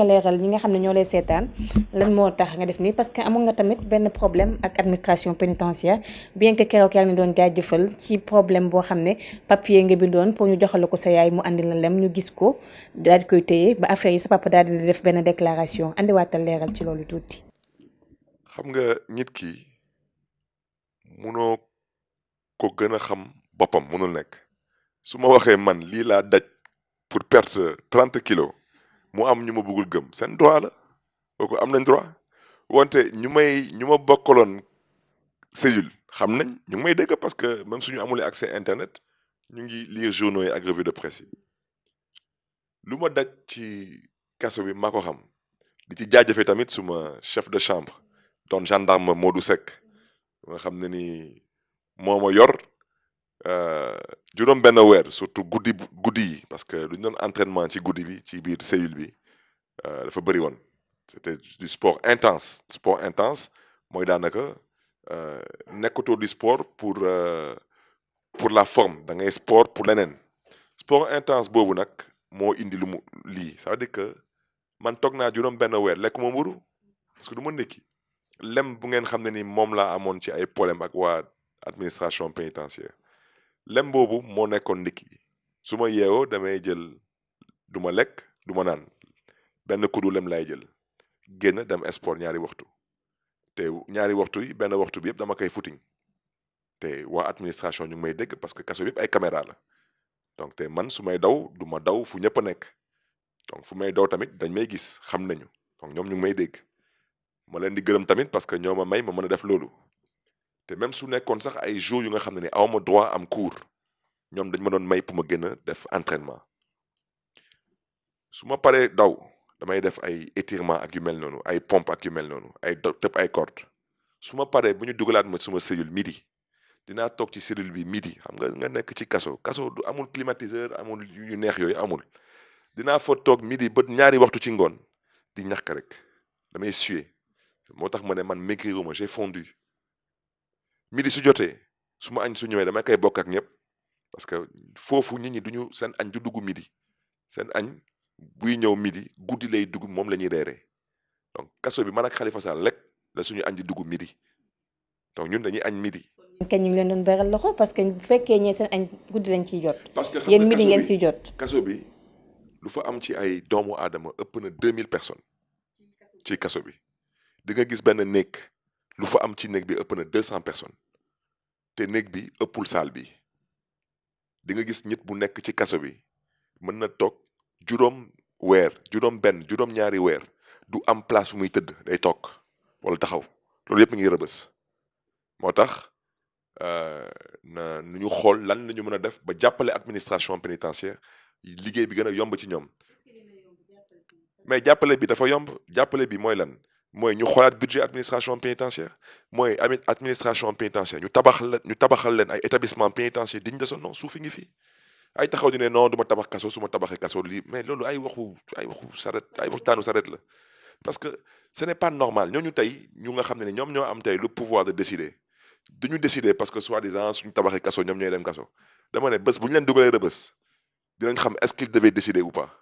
nga leeral ñi nga xam ne ñoo lay seetaan lan moo tax nga def nii parce que amoon nga tamit benn problème ak administration pénitentiaire bien que keroog yaa ngi doon jaajëfal ci problème boo xam ne papier nga bindoon pour ñu joxal ko sa yaay mu andi la lem ñu gis ko daal koy téye ba affaire yi sa papa daal di def benn déclaration andiwaatal leeral ci loolu tuuti. xam nga nit ki munoo ko gën a xam boppam munul nekk su ma waxee man lii laa daj pour perte trente kilos mu am ñu ma bëggul gëm seen droit la kooku am nañ droit wante ñu may ñu ma bokkaloon cellule xam nañ ñu ngi may dégg parce que même suñu amulee accès internet ñu ngi lire journaux yi ak revue de presse yi lu ma daj ci kaso bi maa xam di ci jaajëfee tamit suma chef de chambre doon gendarme Modou Seck nga xam ne ni moo ma yor euh, juróom benn weer surtout guddi guddi yi parce que lu ñu doon entraînement ci guddi bi ci biir cellule bi euh, dafa bëri woon c'était du sport intense sport intense mooy daanaka euh, nekkatoo di sport pour euh, pour la forme da ngay sport pour leneen sport intense boobu nag moo indi lu mu lii ça veut dire que man toog naa juróom benn weer lekk ma mburu parce que du ma ndékki lem bu ngeen xam ne ni moom laa amoon ci ay problème ak waa administration pénitentiaire lem boobu moo nekkoon ndikki su ma yeewoo damay jël duma lekk du ma naan benn kuddu lem laay jël génn dem sport ñaari waxtu te ñaari waxtu yi benn waxtu bi yëpp dama koy footing te waa administration ñu may dégg parce que kaso bi yëpp ay caméra la donc te man su may daw du ma daw fu ñëpp a nekk donc fu may daw tamit dañ may gis xam nañu donc ñoom ñu may dégg ma leen di gërëm tamit parce que ñoo ma may ma mën a def loolu te même su nekkoon sax ay jour yu nga xam ne ne awma droit am cours ñoom dañ ma doon may pour ma gën a def entraînement su ma paree daw damay def ay étirement ak yu mel noonu ay pompe ak yu mel noonu ay tëb ay corde su ma pare bu ñu dugalaat ma suma cellule midi dinaa toog ci cellule bi midi xam nga nga nekk ci kaso kaso du amul climatiseur amul yu neex yooyu amul dinaa fa toog midi ba ñaari waxtu ci ngoon di ñàkk rek damay suer moo tax ma ne man maigriruma j'ai fondu midi su jotee su ma añ su ñëwee dama koy bokk ak ñëpp parce que foofu nit ñi duñu seen añ du dugg midi seen añ buy ñëw midi guddi lay dugg moom la ñuy reeree donc kaso bi man ak Khalifa Sall rek la suñu añ di dugg midi donc ñun dañuy añ midi. kañ ñu ngi leen doon beral loxo parce que bu fekkee ñee seen añ guddi lañ ciy jot. parce que yéen midi ngeen ciy jot. kaso bi lu fa am ci ay doomu aadama ëpp na 2000 personnes ci kaso bi di nga gis benn nekk. lu fa am ci néeg bi ëpp na deux cent personnes te néeg bi ëppul saal bi di nga gis nit bu nekk ci kaso bi mën na toog juróom weer juróom benn juróom ñaari weer du am place fu muy tëdd day toog wala taxaw loolu yëpp mi ngi rëbës moo tax euh, na nu ñu xool lan la ñu mën a def ba jàppale administration pénitentiaire liggéey bi gën a yomb ci ñoom mais jàppale bi dafa yomb jàppale bi mooy lan mooy ñu xoolaat budget administration pénitentiaire mooy amit administration pénitentiaire ñu tabax la ñu tabaxal leen ay établissement pénitentiaire diñ de son nom suufi ngi fi ay taxaw di ne non du tabax kaso suma ma tabaxee kaso lii mais loolu ay waxu ay waxu saret ay waxtaanu saret la parce que ce n'est pas normal ñooñu tey ñu nga xam ne ñoom ñoo am tey le pouvoir de décider ñu décider parce que soi-disant suñu tabaxee kaso ñoom ñooy dem kaso dama ne bés bu ñu leen dugalee rëbës dinañ xam est-ce qu'il devait décider ou pas